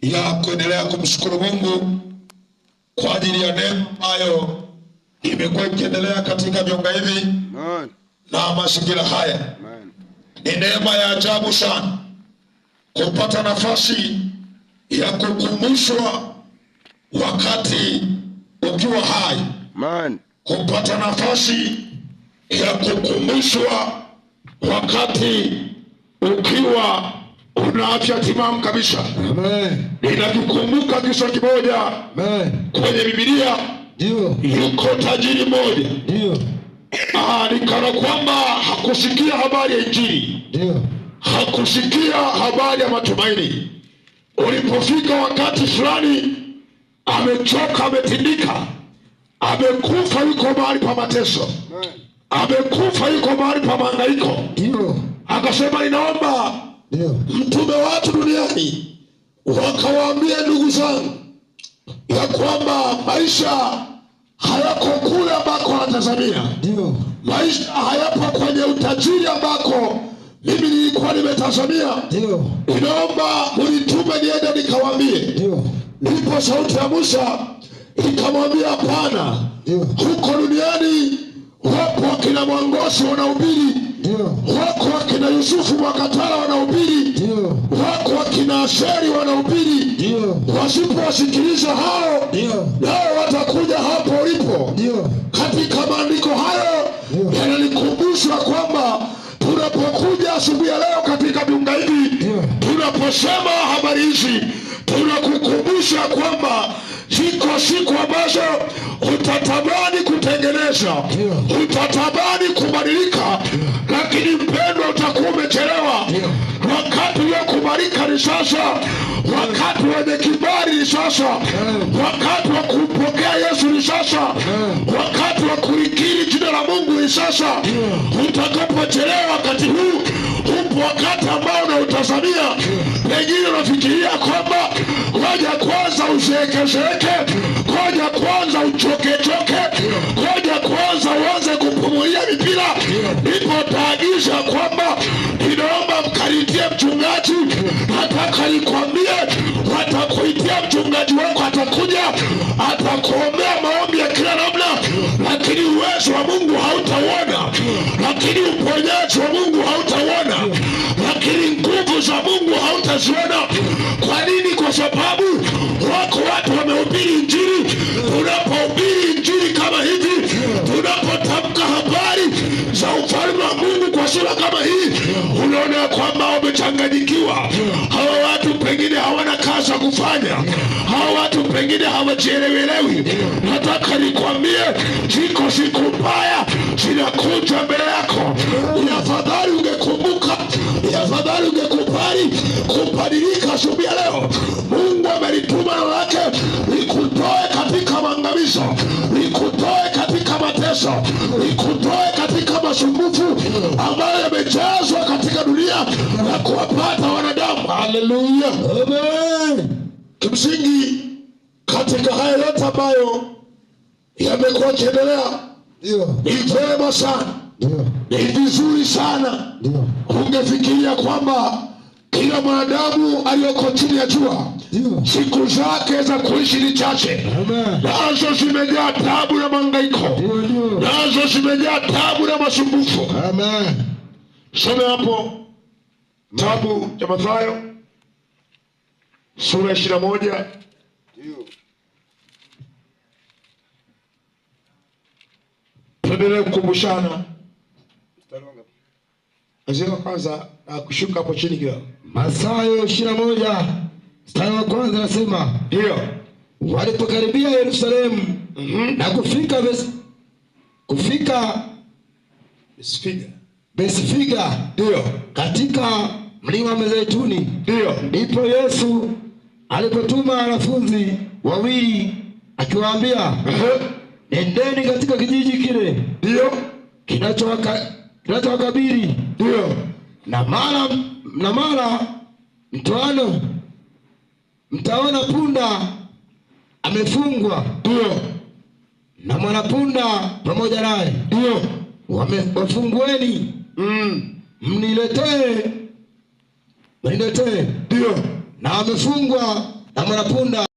ila kuendelea kumshukuru Mungu kwa ajili ya neema ambayo imekuwa ikiendelea katika viunga hivi na mazingira haya. Ni neema ya ajabu sana kupata nafasi ya kukumbushwa wakati ukiwa hai Man. kupata nafasi ya kukumbushwa wakati ukiwa na afya timamu kabisa. Ninakikumbuka kisa kimoja kwenye Bibilia, yuko tajiri mmoja nikana kwamba hakusikia habari ya Injili, hakusikia habari ya matumaini. Ulipofika wakati fulani, amechoka, ametindika, amekufa, yuko mahali pa mateso, amekufa, yuko mahali pa maangaiko, akasema ninaomba mtume watu duniani, wakawaambia ndugu zangu, ya kwamba maisha hayako kule ambako wanatazamia, maisha hayapo kwenye utajiri ambako mimi nilikuwa nimetazamia. Inaomba mulitume niende nikawambie. Ndipo sauti ya Musa ikamwambia, hapana, huko duniani wapo wakina Mwangosi wanaubiri wako wakina Yusufu Mwakatala wanaubiri sheri wanahubiri, wasipowasikiliza hao nao watakuja hapo ulipo. Katika maandiko hayo yananikumbusha kwamba tunapokuja asubuhi ya leo katika viunga hivi, tunaposema habari hizi, tunakukumbusha kwamba ziko siku ambazo utatamani kutengeneza, utatamani kubadilika, lakini mpendwa, utakuwa umechelewa kukubalika ni sasa, wakati wenye kibali ni sasa, wakati wa kumpokea Yesu ni sasa, wakati wa kuikiri jina la Mungu ni sasa. Utakapochelewa wakati huu, upo wakati ambao unautazamia, pengine unafikiria kwamba ngoja kwanza ushekesheke, ngoja kwanza uchokechoke nataka nikwambie, watakuitia mchungaji wako, atakuja atakuombea maombi ya kila namna, lakini uwezo wa Mungu hautauona, lakini uponyaji wa Mungu hautauona, lakini nguvu za Mungu hautaziona. Kwa nini? Kwa sababu wako watu wamehubiri Injili. Tunapohubiri Injili kama hivi, tunapotamka habari za ufalme wa Mungu kwa sura kama hii, unaona kwamba wamechanganyikiwa kufanya. Hawa watu pengine hawajielewelewi. Nataka nikwambie, ziko siku mbaya zinakuja mbele yako. Ni afadhali ungekumbuka, ni afadhali ungekubali kubadilika asubuhi ya leo. Mungu amelituma lake likutoe katika maangamizo, likutoe katika mateso, likutoe katika masumbufu ambayo yamejazwa katika dunia na kuwapata wanadamu. Haleluya, amen. Kimsingi katika haya yote ambayo yamekuwa kiendelea ni vyema sana, ni vizuri sana ungefikiria kwamba kila mwanadamu aliyoko chini ya jua siku zake za kuishi ni chache, nazo zimejaa tabu na mangaiko, nazo zimejaa tabu na masumbufu. Some hapo tabu ya Mathayo sura ya ishirini na moja tuendelee kukumbushana azia kwanza na kushuka hapo chini kidogo. masayo ishirini na moja mstari wa kwanza anasema ndio, walipokaribia Yerusalemu mm -hmm. na kufika bes, kufika Besfiga Besfiga ndio, katika mlima wa Mizeituni ndio, ndipo Yesu alipotuma wanafunzi wawili akiwaambia, nendeni katika kijiji kile ndio kinachowakabili ndio, na mara na mara mtoano mtaona punda amefungwa ndio, na mwanapunda pamoja naye ndio, mm. mniletee mniletee ndio na amefungwa na mwanapunda.